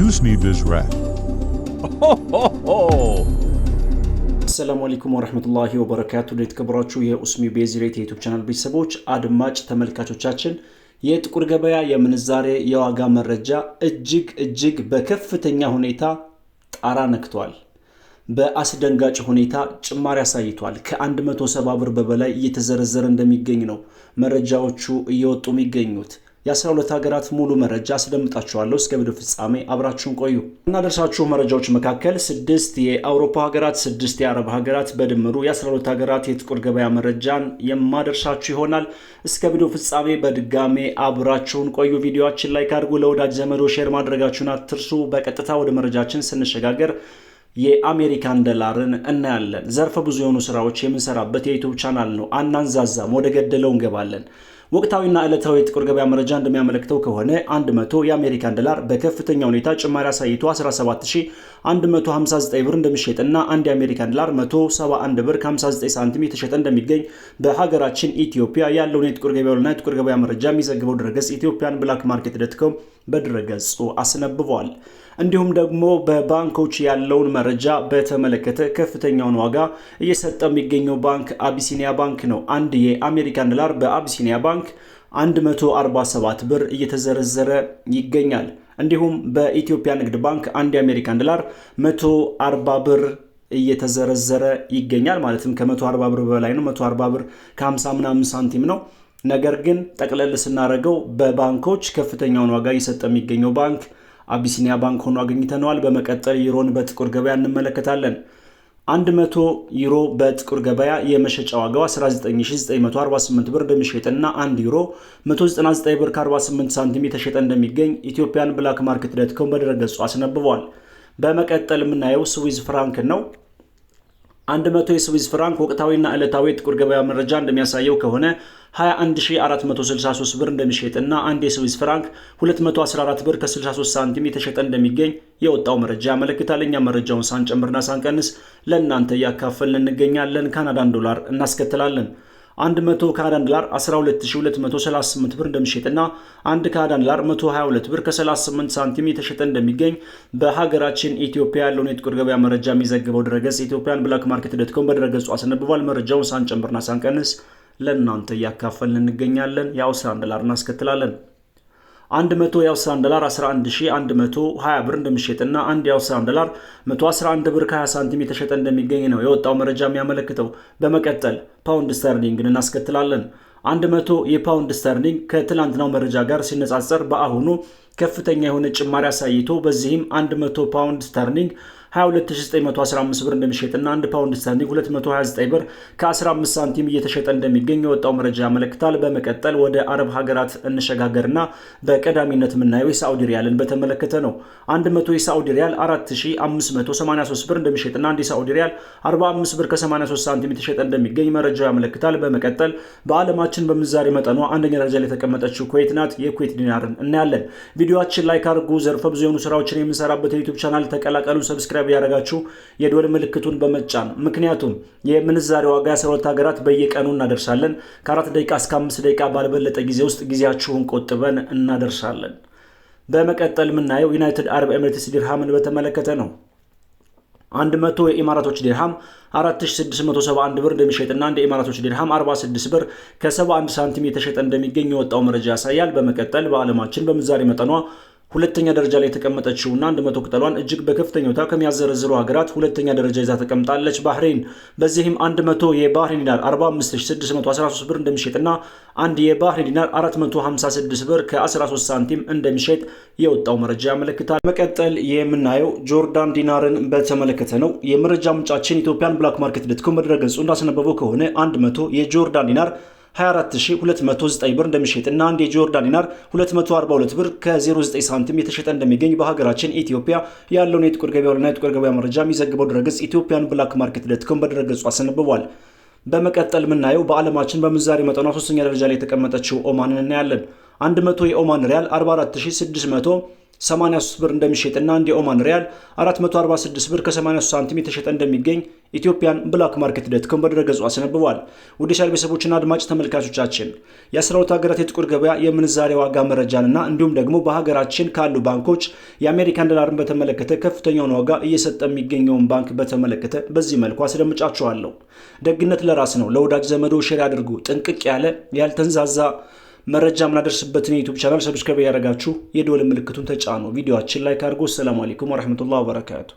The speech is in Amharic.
ዩስ ኒድ ዚስ ራት አሰላሙ አለይኩም ወረህመቱላሂ ወበረካቱ። የተከበራችሁ የኡስሚ ቤዝሬት የዩቱብ ቻናል ቤተሰቦች አድማጭ ተመልካቾቻችን የጥቁር ገበያ የምንዛሬ የዋጋ መረጃ እጅግ እጅግ በከፍተኛ ሁኔታ ጣራ ነክቷል። በአስደንጋጭ ሁኔታ ጭማሪ አሳይቷል። ከ170 ብር በበላይ እየተዘረዘረ እንደሚገኝ ነው መረጃዎቹ እየወጡ የሚገኙት። የአስራ ሁለት ሀገራት ሙሉ መረጃ አስደምጣችኋለሁ። እስከ ቪዲዮ ፍጻሜ አብራችሁን ቆዩ። እናደርሳችሁ መረጃዎች መካከል ስድስት የአውሮፓ ሀገራት፣ ስድስት የአረብ ሀገራት በድምሩ የአስራ ሁለት ሀገራት የጥቁር ገበያ መረጃን የማደርሳችሁ ይሆናል። እስከ ቪዲዮ ፍጻሜ በድጋሜ አብራችሁን ቆዩ። ቪዲዮችን ላይክ አድርጉ፣ ለወዳጅ ዘመዶ ሼር ማድረጋችሁን አትርሱ። በቀጥታ ወደ መረጃችን ስንሸጋገር የአሜሪካን ዶላርን እናያለን። ዘርፈ ብዙ የሆኑ ስራዎች የምንሰራበት የዩቱብ ቻናል ነው። አናንዛዛም፣ ወደ ገደለው እንገባለን። ወቅታዊና ዕለታዊ የጥቁር ገበያ መረጃ እንደሚያመለክተው ከሆነ 100 የአሜሪካን ዶላር በከፍተኛ ሁኔታ ጭማሪ አሳይቶ 17159 ብር እንደሚሸጥና አንድ የአሜሪካን ዶላር 171 ብር ከ59 ሳንቲም የተሸጠ እንደሚገኝ በሀገራችን ኢትዮጵያ ያለውን የጥቁር ገበያና የጥቁር ገበያ መረጃ የሚዘግበው ድረገጽ ኢትዮጵያን ብላክ ማርኬት ዶት ኮም በድረገጹ አስነብቧል። እንዲሁም ደግሞ በባንኮች ያለውን መረጃ በተመለከተ ከፍተኛውን ዋጋ እየሰጠ የሚገኘው ባንክ አቢሲኒያ ባንክ ነው። አንድ የአሜሪካን ዶላር በአቢሲኒያ ባንክ 147 ብር እየተዘረዘረ ይገኛል። እንዲሁም በኢትዮጵያ ንግድ ባንክ አንድ የአሜሪካን ዶላር 140 ብር እየተዘረዘረ ይገኛል። ማለትም ከ140 ብር በላይ ነው። 140 ብር ከ50 ምናምን ሳንቲም ነው። ነገር ግን ጠቅለል ስናደርገው በባንኮች ከፍተኛውን ዋጋ እየሰጠ የሚገኘው ባንክ አቢሲኒያ ባንክ ሆኖ አግኝተነዋል። በመቀጠል ዩሮን በጥቁር ገበያ እንመለከታለን። 100 ዩሮ በጥቁር ገበያ የመሸጫ ዋጋው 19948 ብር እንደሚሸጥና 1 ዩሮ 199 ብር ከ48 ሳንቲም የተሸጠ እንደሚገኝ ኢትዮጵያን ብላክ ማርኬት ዳት ኮም በድረገጹ አስነብቧል። በመቀጠል የምናየው ስዊዝ ፍራንክ ነው። 100 የስዊዝ ፍራንክ ወቅታዊና ዕለታዊ ጥቁር ገበያ መረጃ እንደሚያሳየው ከሆነ 21463 ብር እንደሚሸጥና አንድ የስዊዝ ፍራንክ 214 ብር ከ63 ሳንቲም የተሸጠ እንደሚገኝ የወጣው መረጃ ያመለክታል። እኛ መረጃውን ሳንጨምርና ሳንቀንስ ለእናንተ እያካፈልን እንገኛለን። ካናዳን ዶላር እናስከትላለን። 100 ካናዳን ዶላር 12238 ብር እንደሚሸጥና 1 ካናዳን ዶላር 122 ብር ከ38 ሳንቲም የተሸጠ እንደሚገኝ በሀገራችን ኢትዮጵያ ያለውን የጥቁር ገበያ መረጃ የሚዘግበው ድረገጽ ኢትዮጵያን ብላክ ማርኬት ኮም በድረገጹ አስነብቧል። መረጃውን ሳንጨምርና ሳንቀንስ ለእናንተ እያካፈልን እንገኛለን። ያው 11 ዶላር እናስከትላለን። 100 የአውስትራሊያን ዶላር 11120 ብር እንደሚሸጥና አንድ የአውስትራሊያን ዶላር 111 ብር ከ20 ሳንቲም የተሸጠ እንደሚገኝ ነው የወጣው መረጃ የሚያመለክተው። በመቀጠል ፓውንድ ስተርሊንግን እናስከትላለን። 100 የፓውንድ ስተርሊንግ ከትላንትናው መረጃ ጋር ሲነጻጸር በአሁኑ ከፍተኛ የሆነ ጭማሪ አሳይቶ በዚህም 100 ፓውንድ ስተርሊንግ 22915 ብር እንደሚሸጥና 1 ፓውንድ ስተርሊንግ 229 ብር ከ15 ሳንቲም እየተሸጠ እንደሚገኝ የወጣው መረጃ ያመለክታል። በመቀጠል ወደ አረብ ሀገራት እንሸጋገርና በቀዳሚነት የምናየው የሳዑዲ ሪያልን በተመለከተ ነው። 100 የሳዑዲ ሪያል 4583 ብር እንደሚሸጥና 1 የሳዑዲ ሪያል 45 ብር ከ83 ሳንቲም የተሸጠ እንደሚገኝ መረጃው ያመለክታል። በመቀጠል በዓለማችን በምንዛሬ መጠኗ አንደኛ ደረጃ ላይ የተቀመጠችው ኩዌት ናት። የኩዌት ዲናርን እናያለን። ቪዲዮችን ላይክ አድርጉ። ዘርፈ ብዙ የሆኑ ስራዎችን የምንሰራበት የዩቱብ ቻናል ተቀላቀሉ ሰብስክራ ሰብስክራይብ ያደረጋችሁ የዶል ምልክቱን በመጫን ምክንያቱም የምንዛሬ ዋጋ የ ሀገራት በየቀኑ እናደርሳለን። ከአራት ደቂቃ እስከ አምስት ደቂቃ ባልበለጠ ጊዜ ውስጥ ጊዜያችሁን ቆጥበን እናደርሳለን። በመቀጠል የምናየው ዩናይትድ አረብ ኤምሬትስ ዲርሃምን በተመለከተ ነው። 100 የኢማራቶች ዲርሃም 4671 ብር እንደሚሸጥና አንድ የኢማራቶች ዲርሃም 46 ብር ከ71 ሳንቲም የተሸጠ እንደሚገኝ የወጣው መረጃ ያሳያል። በመቀጠል በዓለማችን በምንዛሬ መጠኗ ሁለተኛ ደረጃ ላይ የተቀመጠችውና አንድ መቶ ቅጠሏን እጅግ በከፍተኛ ሁኔታ ከሚያዘረዝሩ ሀገራት ሁለተኛ ደረጃ ይዛ ተቀምጣለች ባህሬን። በዚህም 100 የባህሬን ዲናር 45613 ብር እንደሚሸጥና አንድ የባህሬን ዲናር 456 ብር ከ13 ሳንቲም እንደሚሸጥ የወጣው መረጃ ያመለክታል። መቀጠል የምናየው ጆርዳን ዲናርን በተመለከተ ነው። የመረጃ ምንጫችን ኢትዮጵያን ብላክ ማርኬት ዶት ኮም መድረገጹ እንዳስነበበው ከሆነ 100 የጆርዳን ዲናር 24209 ብር እንደሚሸጥና አንድ የጆርዳን ዲናር 242 ብር ከ09 ሳንቲም የተሸጠ እንደሚገኝ በሀገራችን ኢትዮጵያ ያለውን የጥቁር ገበያውንና የጥቁር ገበያ መረጃ የሚዘግበው ድረገጽ ኢትዮጵያን ብላክ ማርኬት ዶት በድረገጹ አስነብቧል። በመቀጠል የምናየው በዓለማችን በምንዛሬ መጠኗ ሶስተኛ ደረጃ ላይ የተቀመጠችው ኦማንን እናያለን። 100 የኦማን ሪያል 44600 83 ብር እንደሚሸጥና አንድ የኦማን ሪያል 446 ብር ከ83 ሳንቲም የተሸጠ እንደሚገኝ ኢትዮጵያን ብላክ ማርኬት ዶት ኮም በድረገጹ አስነብቧል። ውድ ሻል ቤተሰቦችና አድማጭ ተመልካቾቻችን የ ሀገራት የጥቁር ገበያ የምንዛሬ ዋጋ መረጃንና እንዲሁም ደግሞ በሀገራችን ካሉ ባንኮች የአሜሪካን ዶላርን በተመለከተ ከፍተኛውን ዋጋ እየሰጠ የሚገኘውን ባንክ በተመለከተ በዚህ መልኩ አስደምጫችኋለሁ። ደግነት ለራስ ነው። ለወዳጅ ዘመዶ ሼር ያድርጉ። ጥንቅቅ ያለ ያልተንዛዛ መረጃ ምናደርስበትን የዩቱብ ቻናል ሰብስክራይብ ያደረጋችሁ የደወል ምልክቱን ተጫኑ። ቪዲዮችን ላይክ አድርጎ። ሰላም አለይኩም ወረህመቱላህ ወበረካቱ